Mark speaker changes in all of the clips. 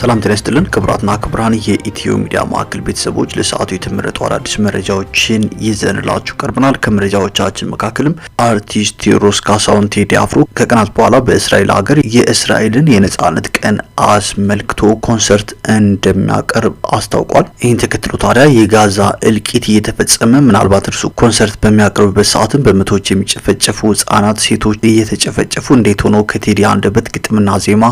Speaker 1: ሰላም ጤና ይስጥልን ክቡራትና ክቡራን የኢትዮ ሚዲያ ማዕከል ቤተሰቦች ለሰዓቱ የተመረጡ አዳዲስ መረጃዎችን ይዘንላችሁ ቀርበናል። ከመረጃዎቻችን መካከልም አርቲስት ቴዎድሮስ ካሳሁን ቴዲ አፍሮ ከቀናት በኋላ በእስራኤል ሀገር የእስራኤልን የነጻነት ቀን አስመልክቶ ኮንሰርት እንደሚያቀርብ አስታውቋል። ይህን ተከትሎ ታዲያ የጋዛ እልቂት እየተፈጸመ ምናልባት እርሱ ኮንሰርት በሚያቀርብበት ሰዓትም በመቶዎች የሚጨፈጨፉ ህጻናት፣ ሴቶች እየተጨፈጨፉ እንዴት ሆኖ ከቴዲ አንደበት ግጥምና ዜማ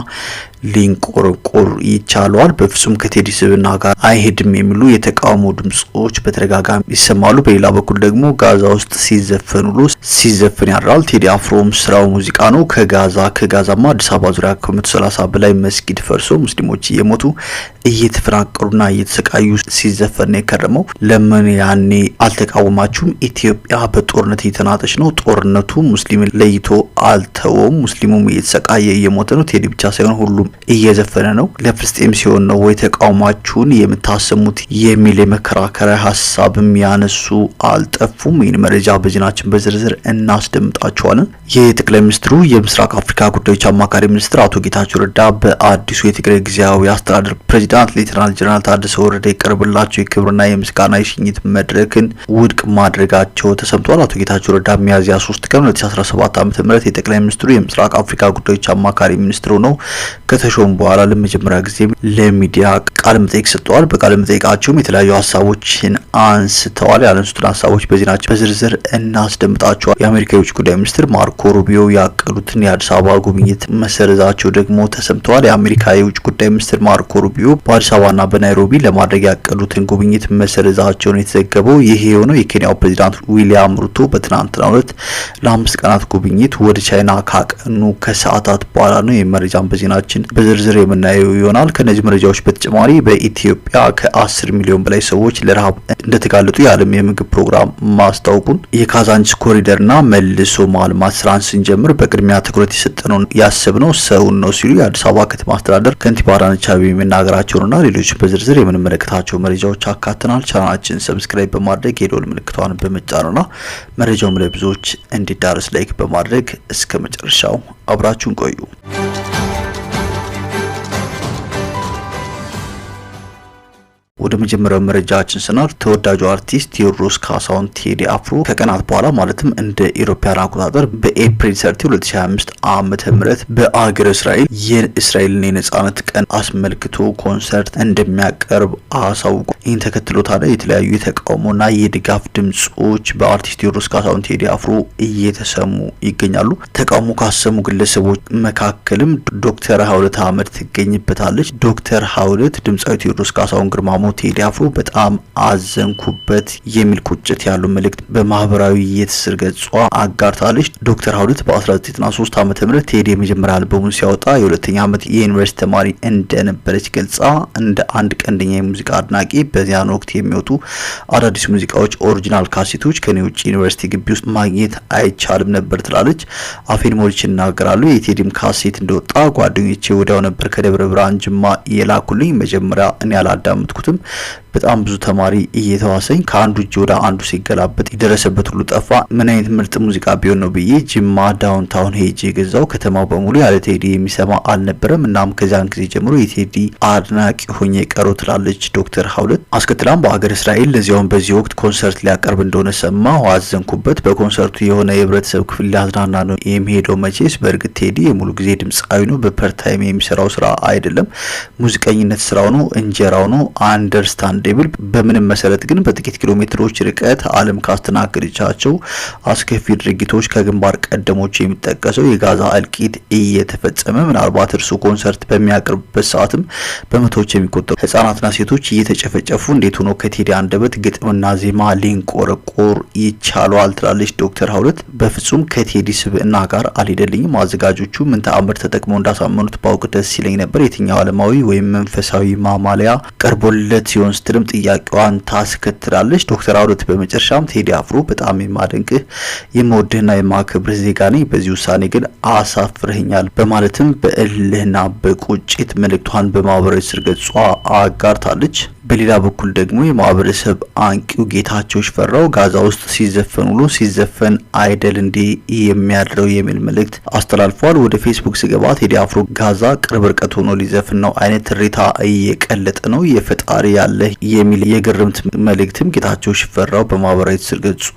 Speaker 1: ሊንቆረቆር ይቻለዋል፣ በፍጹም ከቴዲ ስብና ጋር አይሄድም የሚሉ የተቃውሞ ድምጾች በተደጋጋሚ ይሰማሉ። በሌላ በኩል ደግሞ ጋዛ ውስጥ ሲዘፈን ውሎ ሲዘፈን ያድራል። ቴዲ አፍሮም ስራው ሙዚቃ ነው። ከጋዛ ከጋዛማ አዲስ አበባ ዙሪያ ከመቶ ሰላሳ በላይ መስጊድ ፈርሶ ሙስሊሞች እየሞቱ እየተፈናቀሉና እየተሰቃዩ ሲዘፈን ነው የከረመው። ለምን ያኔ አልተቃወማችሁም? ኢትዮጵያ በጦርነት እየተናጠች ነው። ጦርነቱ ሙስሊም ለይቶ አልተወም። ሙስሊሙም እየተሰቃየ እየሞተ ነው። ቴዲ ብቻ ሳይሆን ሁሉም እየዘፈነ ነው። ፍልስጤም ሲሆን ነው ወይ ተቃውሟችሁን የምታሰሙት የሚል የመከራከሪያ ሀሳብም ያነሱ አልጠፉም። ይህን መረጃ በዜናችን በዝርዝር ይህ የጠቅላይ ሚኒስትሩ የምስራቅ አፍሪካ ጉዳዮች አማካሪ ሚኒስትር አቶ ጌታቸው ረዳ በአዲሱ የትግራይ ጊዜያዊ አስተዳደር ፕሬዚዳንት ሌተናል ጀነራል ታደሰ ወረደ የቀርብላቸው የክብርና የምስጋና የሽኝት መድረክን ውድቅ ማድረጋቸው ተሰምቷል። አቶ ጌታቸው ረዳ ሚያዝያ 3 ቀን 2017 ዓ.ም የጠቅላይ ሚኒስትሩ የምስራቅ አፍሪካ ጉዳዮች አማካሪ ሚኒስትሩ ነው ከተሾሙ በኋላ ለመጀመሪያ ጊዜ ጊዜም ለሚዲያ ቃለ መጠይቅ ሰጥተዋል። በቃለ መጠይቃቸውም የተለያዩ ሀሳቦችን አንስተዋል። ያነሱትን ሀሳቦች በዜናችን በዝርዝር እናስደምጣቸዋል። የአሜሪካ የውጭ ጉዳይ ሚኒስትር ማርኮ ሩቢዮ ያቀዱትን የአዲስ አበባ ጉብኝት መሰረዛቸው ደግሞ ተሰምተዋል። የአሜሪካ የውጭ ጉዳይ ሚኒስትር ማርኮ ሩቢዮ በአዲስ አበባና በናይሮቢ ለማድረግ ያቀዱትን ጉብኝት መሰረዛቸውን የተዘገበው ይህ የሆነው የኬንያው ፕሬዚዳንት ዊሊያም ሩቶ በትናንትናው ዕለት ለአምስት ቀናት ጉብኝት ወደ ቻይና ካቀኑ ከሰዓታት በኋላ ነው። ይህ በዜናችን በዝርዝር የምናየው ይሆናል። ከእነዚህ መረጃዎች በተጨማሪ በኢትዮጵያ ከ10 ሚሊዮን በላይ ሰዎች ለረሃብ እንደተጋለጡ የዓለም የምግብ ፕሮግራም ማስታወቁን የካዛንቺስ ኮሪደርና መልሶ ማልማት ስራን ስንጀምር በቅድሚያ ትኩረት የሰጠነው ያሰብነው ሰውን ነው ሲሉ የአዲስ አበባ ከተማ አስተዳደር ከንቲባ አዳነች አቤቤ መናገራቸውንና ሌሎች በዝርዝር የምንመለከታቸው መረጃዎች አካተናል። ቻናላችን ሰብስክራይብ በማድረግ የደወል ምልክቷን በመጫንና መረጃውም ለብዙዎች እንዲዳረስ ላይክ በማድረግ እስከ መጨረሻው አብራችሁን ቆዩ። ወደ መጀመሪያው መረጃችን ስናል ተወዳጁ አርቲስት ቴዎድሮስ ካሳሁን ቴዲ አፍሮ ከቀናት በኋላ ማለትም እንደ ኢሮፓያን አቆጣጠር በኤፕሪል 30 2025 ዓመተ ምህረት በአገረ እስራኤል የእስራኤልን የነጻነት ቀን አስመልክቶ ኮንሰርት እንደሚያቀርብ አሳውቋል። ይህን ተከትሎ ታዲያ የተለያዩ የተቃውሞና የድጋፍ ድምጾች በአርቲስት ቴዎድሮስ ካሳሁን ቴዲ አፍሮ እየተሰሙ ይገኛሉ። ተቃውሞ ካሰሙ ግለሰቦች መካከልም ዶክተር ሀውለት አህመድ ትገኝበታለች። ዶክተር ሀውለት ድምፃዊ ቴዎድሮስ ካሳሁን ግርማሞ ቴዲ አፍሮ በጣም አዘንኩበት የሚል ቁጭት ያለው መልእክት በማህበራዊ የትስስር ገጿ አጋርታለች። ዶክተር ሀውለት በ1993 ዓ ም ቴዲ የመጀመሪያ አልበሙን ሲያወጣ የሁለተኛ ዓመት የዩኒቨርሲቲ ተማሪ እንደነበረች ገልጻ እንደ አንድ ቀንደኛ የሙዚቃ አድናቂ በዚያን ወቅት የሚወጡ አዳዲስ ሙዚቃዎች ኦሪጂናል ካሴቶች ከኔ ውጭ ዩኒቨርሲቲ ግቢ ውስጥ ማግኘት አይቻልም ነበር ትላለች። አፌን ሞልች ይናገራሉ። የቴዲም ካሴት እንደወጣ ጓደኞቼ ወዲያው ነበር ከደብረ ብርሃን ጅማ የላኩልኝ። መጀመሪያ እኔ አላዳምጥኩትም። በጣም ብዙ ተማሪ እየተዋሰኝ ከአንዱ እጅ ወደ አንዱ ሲገላበጥ የደረሰበት ሁሉ ጠፋ። ምን አይነት ምርጥ ሙዚቃ ቢሆን ነው ብዬ ጅማ ዳውንታውን ሄጄ የገዛው። ከተማው በሙሉ ያለ ቴዲ የሚሰማ አልነበረም። እናም ከዚያን ጊዜ ጀምሮ የቴዲ አድናቂ ሆኜ ቀረሁ ትላለች ዶክተር ሀውለት። አስከትላም በሀገር እስራኤል ለዚያውን በዚህ ወቅት ኮንሰርት ሊያቀርብ እንደሆነ ሰማሁ፣ አዘንኩበት። በኮንሰርቱ የሆነ የህብረተሰብ ክፍል ሊያዝናና ነው የሚሄደው መቼስ። በእርግጥ ቴዲ የሙሉ ጊዜ ድምፃዊ ነው። በፐርታይም የሚሰራው ስራ አይደለም፣ ሙዚቀኝነት ስራው ነው፣ እንጀራው ነው። አንደርስታንድ ጉዳይ ብል በምንም መሰረት ግን በጥቂት ኪሎ ሜትሮች ርቀት ዓለም ካስተናገደቻቸው አስከፊ ድርጊቶች ከግንባር ቀደሞች የሚጠቀሰው የጋዛ እልቂት እየተፈጸመ ምናልባት እርሱ ኮንሰርት በሚያቀርብበት ሰዓትም በመቶዎች የሚቆጠሩ ህጻናትና ሴቶች እየተጨፈጨፉ እንዴት ሆኖ ከቴዲ አንደበት ግጥምና ዜማ ሊንቆረቆር ይቻሏል ትላለች ዶክተር ሀውለት። በፍጹም ከቴዲ ስብዕና ጋር አልሄደልኝም። አዘጋጆቹ ምን ተአምር ተጠቅመው እንዳሳመኑት ባውቅ ደስ ይለኝ ነበር። የትኛው ዓለማዊ ወይም መንፈሳዊ ማማለያ ቀርቦለት ሲሆን ስትል ስትልም ጥያቄዋን ታስከትላለች። ዶክተር አውርት በመጨረሻም ቴዲ አፍሮ በጣም የማደንቅህ የመወድህና የማክብር ዜጋ ነኝ፣ በዚህ ውሳኔ ግን አሳፍርህኛል በማለትም በእልህና በቁጭት መልእክቷን በማህበራዊ ስር ገጿ አጋርታለች። በሌላ በኩል ደግሞ የማህበረሰብ አንቂው ጌታቸው ሽፈራው ጋዛ ውስጥ ሲዘፈን ውሎ ሲዘፈን አይደል እንዴ የሚያድረው የሚል መልእክት አስተላልፏል። ወደ ፌስቡክ ስገባ ቴዲ አፍሮ ጋዛ ቅርብ ርቀት ሆኖ ሊዘፍን ነው አይነት ትሬታ እየቀለጠ ነው። የፈጣሪ ያለ የሚል የግርምት መልእክትም ጌታቸው ሽፈራው በማህበራዊ ትስስር ገጹ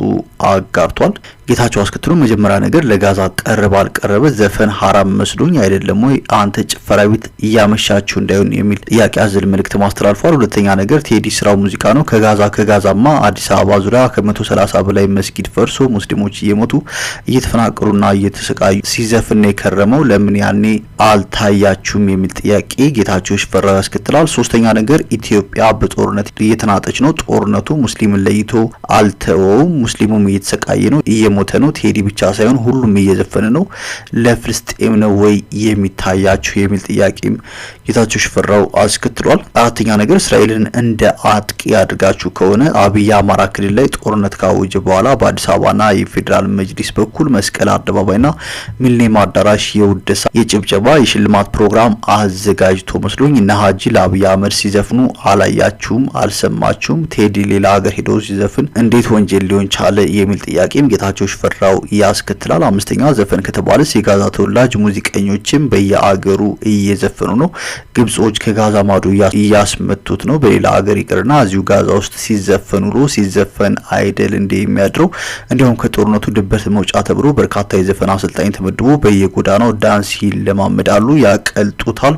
Speaker 1: አጋርቷል። ጌታቸው አስከትሎ መጀመሪያ ነገር ለጋዛ ቀረበ አልቀረበ ዘፈን ሀራም መስሎኝ አይደለም ወይ አንተ ጭፈራ ቤት እያመሻችሁ እንዳይሆን የሚል ጥያቄ አዘል መልእክት ማስተላልፏል። ሁለተኛ ነገር ቴዲ ስራው ሙዚቃ ነው። ከጋዛ ከጋዛማ አዲስ አበባ ዙሪያ ከመቶ ሰላሳ በላይ መስጊድ ፈርሶ ሙስሊሞች እየሞቱ እየተፈናቀሉና እየተሰቃዩ ሲዘፍን የከረመው ለምን ያኔ አልታያችሁም የሚል ጥያቄ ጌታቸው ሽፈራው ያስከትላል። ሶስተኛ ነገር ኢትዮጵያ በጦርነት እየተናጠች ነው። ጦርነቱ ሙስሊምን ለይቶ አልተወውም። ሙስሊሙም እየተሰቃየ ነው እየሞ እየሞተ ነው። ቴዲ ብቻ ሳይሆን ሁሉም እየዘፈነ ነው። ለፍልስጤም ነው ወይ የሚታያችሁ የሚል ጥያቄም ጌታቸው ሽፈራው አስከትሏል። አራተኛ ነገር እስራኤልን እንደ አጥቂ አድርጋችሁ ከሆነ አብይ አማራ ክልል ላይ ጦርነት ካወጀ በኋላ በአዲስ አበባና የፌዴራል መጅሊስ በኩል መስቀል አደባባይና ሚሊኒየም አዳራሽ የውደሳ የጭብጨባ የሽልማት ፕሮግራም አዘጋጅቶ መስሎኝ እነ ሀጂ ለአብይ አህመድ ሲዘፍኑ አላያችሁም? አልሰማችሁም? ቴዲ ሌላ ሀገር ሄዶ ሲዘፍን እንዴት ወንጀል ሊሆን ቻለ? የሚል ጥያቄም ጌታቸው ሽፈራው ያስከትላል። አምስተኛ ዘፈን ከተባለስ የጋዛ ተወላጅ ሙዚቀኞችም በየአገሩ እየዘፈኑ ነው። ግብጾች ከጋዛ ማዶ እያስመቱት ነው። በሌላ አገር ይቅርና እዚሁ ጋዛ ውስጥ ሲዘፈኑ ውሎ ሲዘፈን አይደል እንደ የሚያድረው። እንዲሁም ከጦርነቱ ድበት መውጫ ተብሎ በርካታ የዘፈን አሰልጣኝ ተመድቦ በየጎዳናው ዳንስ ይለማመዳሉ፣ ያቀልጡታል።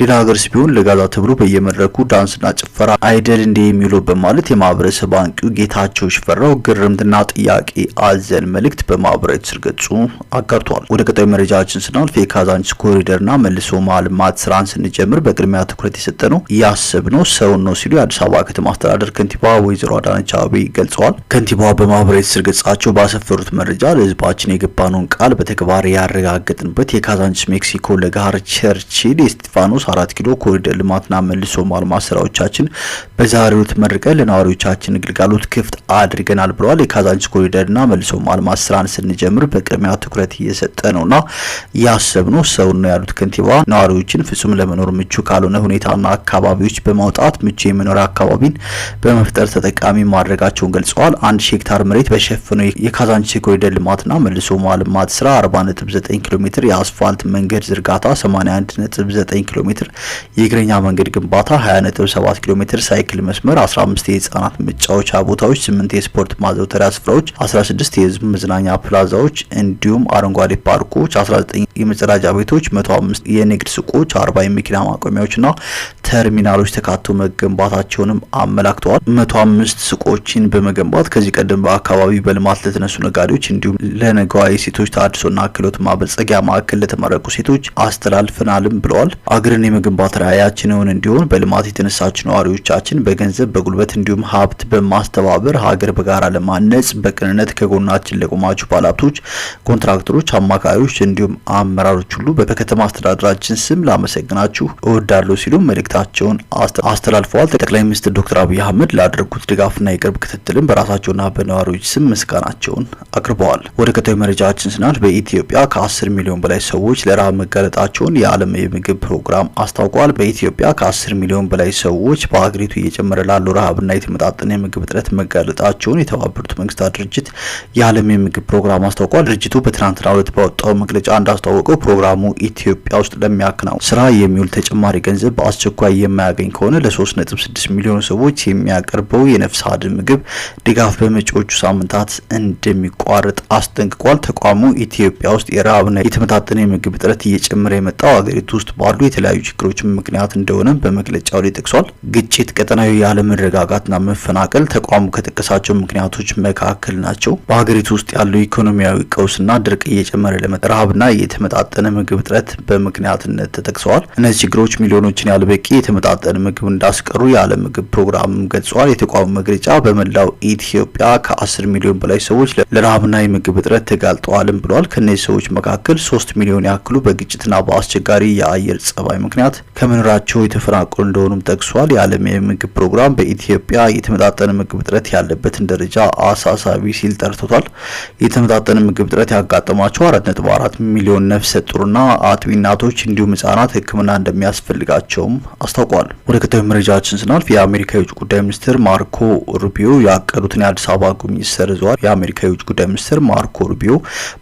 Speaker 1: ሌላ ሀገርስ ቢሆን ለጋዛ ተብሎ በየመድረኩ ዳንስና ጭፈራ አይደል እንደ የሚሉ በማለት የማህበረሰብ አንቂው ጌታቸው ሽፈራው ግርምትና ጥያቄ አዘል መልእክት በማህበራዊ ትስስር ገጹ አጋርቷል። ወደ ቀጣዩ መረጃችን ስናልፍ የካዛንቺስ ኮሪደርና መልሶ ማልማት ስራን ስንጀምር በቅድሚያ ትኩረት የሰጠነው ያሰብነው ሰውን ነው ሲሉ የአዲስ አበባ ከተማ አስተዳደር ከንቲባ ወይዘሮ አዳነች አቤቤ ገልጸዋል። ከንቲባዋ በማህበራዊ ትስስር ገጻቸው ባሰፈሩት መረጃ ለህዝባችን የገባነውን ቃል በተግባር ያረጋገጥንበት የካዛንቺስ ሜክሲኮ ለጋር ቸርችል የስጢፋኖስ አራት ኪሎ ኮሪደር ልማትና መልሶ ማልማት ስራዎቻችን በዛሬው ዕለት ለነዋሪዎቻችን ግልጋሎት ክፍት አድርገናል ብለዋል። የካዛንቺስ ኮሪደርና መልሶ የማልማት ስራን ስንጀምር በቅድሚያ ትኩረት እየሰጠ ነውና ያሰብነው ሰው ነው ያሉት ከንቲባ ነዋሪዎችን ፍጹም ለመኖር ምቹ ካልሆነ ሁኔታና አካባቢዎች በማውጣት ምቹ የመኖሪያ አካባቢን በመፍጠር ተጠቃሚ ማድረጋቸውን ገልጸዋል። አንድ ሺ ሄክታር መሬት በሸፈነው የካዛንቺስ የኮሪደር ልማትና መልሶ ማልማት ስራ 49 ኪሎ ሜትር የአስፋልት መንገድ ዝርጋታ 81.9 ኪሎ ሜትር የእግረኛ መንገድ ግንባታ 27 ኪሎ ሜትር ሳይክል መስመር 15 የህጻናት መጫወቻ ቦታዎች 8 የስፖርት ማዘውተሪያ ስፍራዎች 16 የህዝብ የህዝብ መዝናኛ ፕላዛዎች እንዲሁም አረንጓዴ ፓርኮች 19 የመጸዳጃ ቤቶች 105 የንግድ ሱቆች 40 የመኪና ማቆሚያዎችና ተርሚናሎች ተካተው መገንባታቸውንም አመላክተዋል። መቶ አምስት ሱቆችን በመገንባት ከዚህ ቀደም በአካባቢው በልማት ለተነሱ ነጋዴዎች እንዲሁም ለነገዋ ሴቶች ተአድሶና ክህሎት ማበልጸጊያ ማዕከል ለተመረቁ ሴቶች አስተላልፈናልም ብለዋል። አገርን የመገንባት ራዕያችንን እንዲሆን በልማት የተነሳች ነዋሪዎቻችን በገንዘብ በጉልበት እንዲሁም ሀብት በማስተባበር ሀገር በጋራ ለማነጽ በቅንነት ከጎናችን ለቆማችሁ ባለሀብቶች፣ ኮንትራክተሮች፣ አማካሪዎች እንዲሁም አመራሮች ሁሉ በከተማ አስተዳደራችን ስም ላመሰግናችሁ እወዳለሁ ሲሉ መልእክት መልእክታቸውን አስተላልፈዋል። ጠቅላይ ሚኒስትር ዶክተር አብይ አህመድ ላደረጉት ድጋፍና የቅርብ ክትትልም በራሳቸውና በነዋሪዎች ስም ምስጋናቸውን አቅርበዋል። ወደ ቀጣዩ መረጃችን ስናል በኢትዮጵያ ከ10 ሚሊዮን በላይ ሰዎች ለረሃብ መጋለጣቸውን የዓለም የምግብ ፕሮግራም አስታውቋል። በኢትዮጵያ ከ10 ሚሊዮን በላይ ሰዎች በሀገሪቱ እየጨመረ ላሉ ረሃብና የተመጣጠነ የምግብ እጥረት መጋለጣቸውን የተባበሩት መንግስታት ድርጅት የዓለም የምግብ ፕሮግራም አስታውቋል። ድርጅቱ በትናንትናው ዕለት ባወጣው መግለጫ እንዳስታወቀው ፕሮግራሙ ኢትዮጵያ ውስጥ ለሚያከናውን ስራ የሚውል ተጨማሪ ገንዘብ በአስቸኳይ ላይ የማያገኝ ከሆነ ለ3.6 ሚሊዮን ሰዎች የሚያቀርበው የነፍስ አድን ምግብ ድጋፍ በመጪዎቹ ሳምንታት እንደሚቋረጥ አስጠንቅቋል። ተቋሙ ኢትዮጵያ ውስጥ የረሃብና የተመጣጠነ የምግብ እጥረት እየጨመረ የመጣው አገሪቱ ውስጥ ባሉ የተለያዩ ችግሮች ምክንያት እንደሆነ በመግለጫው ላይ ጠቅሷል። ግጭት፣ ቀጠናዊ ያለመረጋጋትና መፈናቀል ተቋሙ ከጠቀሳቸው ምክንያቶች መካከል ናቸው። በሀገሪቱ ውስጥ ያለው ኢኮኖሚያዊ ቀውስና ድርቅ እየጨመረ ለመጣ ረሃብና የተመጣጠነ ምግብ እጥረት በምክንያትነት ተጠቅሰዋል። እነዚህ ችግሮች ሚሊዮኖችን ያልበቂ የተመጣጠነ ምግብ እንዳስቀሩ የዓለም ምግብ ፕሮግራም ገልጿል። የተቋሙ መግለጫ በመላው ኢትዮጵያ ከ10 ሚሊዮን በላይ ሰዎች ለረሃብና የምግብ እጥረት ተጋልጠዋልም ብሏል። ከእነዚህ ሰዎች መካከል 3 ሚሊዮን ያክሉ በግጭትና በአስቸጋሪ የአየር ጸባይ ምክንያት ከመኖራቸው የተፈናቀሉ እንደሆኑም ጠቅሷል። የዓለም የምግብ ፕሮግራም በኢትዮጵያ የተመጣጠነ ምግብ እጥረት ያለበትን ደረጃ አሳሳቢ ሲል ጠርቶታል። የተመጣጠነ ምግብ እጥረት ያጋጠማቸው 4.4 ሚሊዮን ነፍሰ ጡርና አጥቢ እናቶች እንዲሁም ህጻናት ሕክምና እንደሚያስፈልጋቸውም አስታውቋል። ወደ ከተማ መረጃዎችን ስናልፍ የአሜሪካ የውጭ ጉዳይ ሚኒስትር ማርኮ ሩቢዮ ያቀዱትን የአዲስ አበባ ጉብኝት ሰርዘዋል። የአሜሪካ የውጭ ጉዳይ ሚኒስትር ማርኮ ሩቢዮ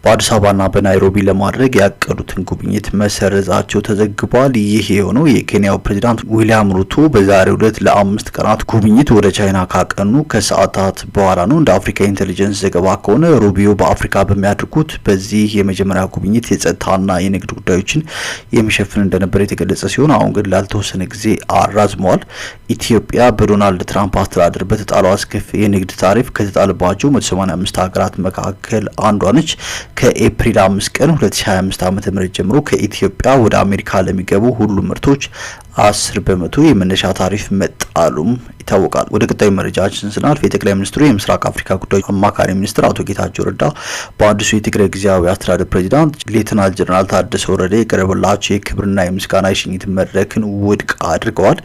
Speaker 1: በአዲስ አበባና በናይሮቢ ለማድረግ ያቀዱትን ጉብኝት መሰረዛቸው ተዘግቧል። ይህ የሆነው የኬንያው ፕሬዚዳንት ዊሊያም ሩቶ በዛሬ ዕለት ለአምስት ቀናት ጉብኝት ወደ ቻይና ካቀኑ ከሰዓታት በኋላ ነው። እንደ አፍሪካ ኢንቴሊጀንስ ዘገባ ከሆነ ሩቢዮ በአፍሪካ በሚያደርጉት በዚህ የመጀመሪያ ጉብኝት የጸጥታና የንግድ ጉዳዮችን የሚሸፍን እንደነበር የተገለጸ ሲሆን አሁን ግን ላልተወሰነ ጊዜ አራዝመዋል። ኢትዮጵያ በዶናልድ ትራምፕ አስተዳደር በተጣለው አስከፊ የንግድ ታሪፍ ከተጣለባቸው 185 ሀገራት መካከል አንዷ ነች። ከኤፕሪል 5 ቀን 2025 ዓ.ም ጀምሮ ከኢትዮጵያ ወደ አሜሪካ ለሚገቡ ሁሉም ምርቶች አስር በመቶ የመነሻ ታሪፍ መጣሉም ይታወቃል። ወደ ቀጣዩ መረጃችን ስናልፍ የጠቅላይ ሚኒስትሩ የምስራቅ አፍሪካ ጉዳዮች አማካሪ ሚኒስትር አቶ ጌታቸው ረዳ በአዲሱ የትግራይ ጊዜያዊ አስተዳደር ፕሬዚዳንት ሌተናል ጀነራል ታደሰ ወረደ የቀረበላቸው የክብርና የምስጋና የሽኝት መድረክን ውድቅ አድርገዋል።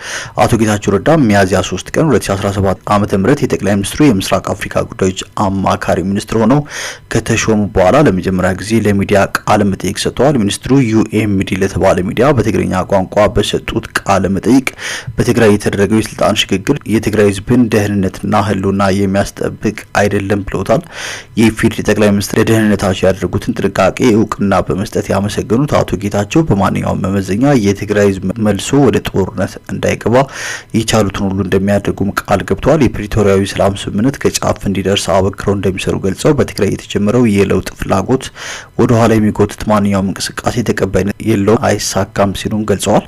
Speaker 1: አቶ ጌታቸው ረዳ ሚያዝያ 3 ቀን 2017 ዓ ም የጠቅላይ ሚኒስትሩ የምስራቅ አፍሪካ ጉዳዮች አማካሪ ሚኒስትር ሆነው ከተሾሙ በኋላ ለመጀመሪያ ጊዜ ለሚዲያ ቃለ መጠይቅ ሰጥተዋል። ሚኒስትሩ ዩኤምዲ ለተባለ ሚዲያ በትግርኛ ቋንቋ በሰጡት ቃለ መጠይቅ በትግራይ የተደረገው የስልጣን ሽግግር የትግራይ ህዝብን ደህንነትና ህልውና የሚያስጠብቅ አይደለም ብለውታል። የኢፌዴሪ ጠቅላይ ሚኒስትር የደህንነታቸው ያደረጉትን ጥንቃቄ እውቅና በመስጠት ያመሰገኑት አቶ ጌታቸው በማንኛውም መመዘኛ የትግራይ ህዝብ መልሶ ወደ ጦርነት እንዳይገባ የቻሉትን ሁሉ እንደሚያደርጉም ቃል ገብተዋል። የፕሪቶሪያዊ ሰላም ስምምነት ከጫፍ እንዲደርስ አበክረው እንደሚሰሩ ገልጸው በትግራይ የተጀመረው የለውጥ ፍላጎት ወደኋላ የሚጎትት ማንኛውም እንቅስቃሴ ተቀባይነት የለውም፣ አይሳካም ሲሉም ገልጸዋል።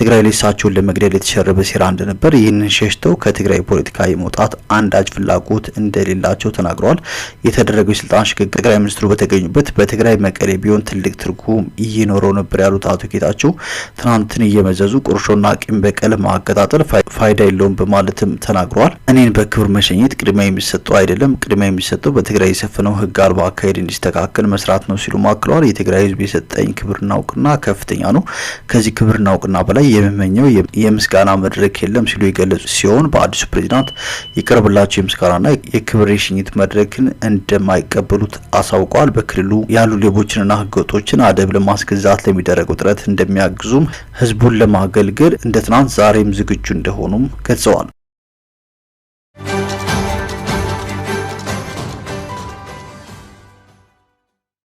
Speaker 1: ትግራይ በተለይ እሳቸውን ለመግደል የተሸረበ ሴራ እንደነበር፣ ይህንን ሸሽተው ከትግራይ ፖለቲካ የመውጣት አንዳች ፍላጎት እንደሌላቸው ተናግረዋል። የተደረገው የስልጣን ሽግግር ጠቅላይ ሚኒስትሩ በተገኙበት በትግራይ መቀሌ ቢሆን ትልቅ ትርጉም እየኖረው ነበር ያሉት አቶ ጌታቸው ትናንትን እየመዘዙ ቁርሾና ቂም በቀል ማቀጣጠል ፋይዳ የለውም በማለትም ተናግረዋል። እኔን በክብር መሸኘት ቅድሚያ የሚሰጠው አይደለም፣ ቅድሚያ የሚሰጠው በትግራይ የሰፈነው ህግ አልባ አካሄድ እንዲስተካከል መስራት ነው ሲሉ ማክለዋል። የትግራይ ህዝብ የሰጠኝ ክብርና እውቅና ከፍተኛ ነው። ከዚህ ክብርና እውቅና በላይ የሚመኘው የምስጋና መድረክ የለም ሲሉ የገለጹ ሲሆን በአዲሱ ፕሬዚዳንት የቀረበላቸው የምስጋናና የክብር የሽኝት መድረክን እንደማይቀበሉት አሳውቀዋል። በክልሉ ያሉ ሌቦችንና ህገወጦችን አደብ ለማስገዛት ለሚደረገው ጥረት እንደሚያግዙም ህዝቡን ለማገልገል እንደ ትናንት ዛሬም ዝግጁ እንደሆኑም ገልጸዋል።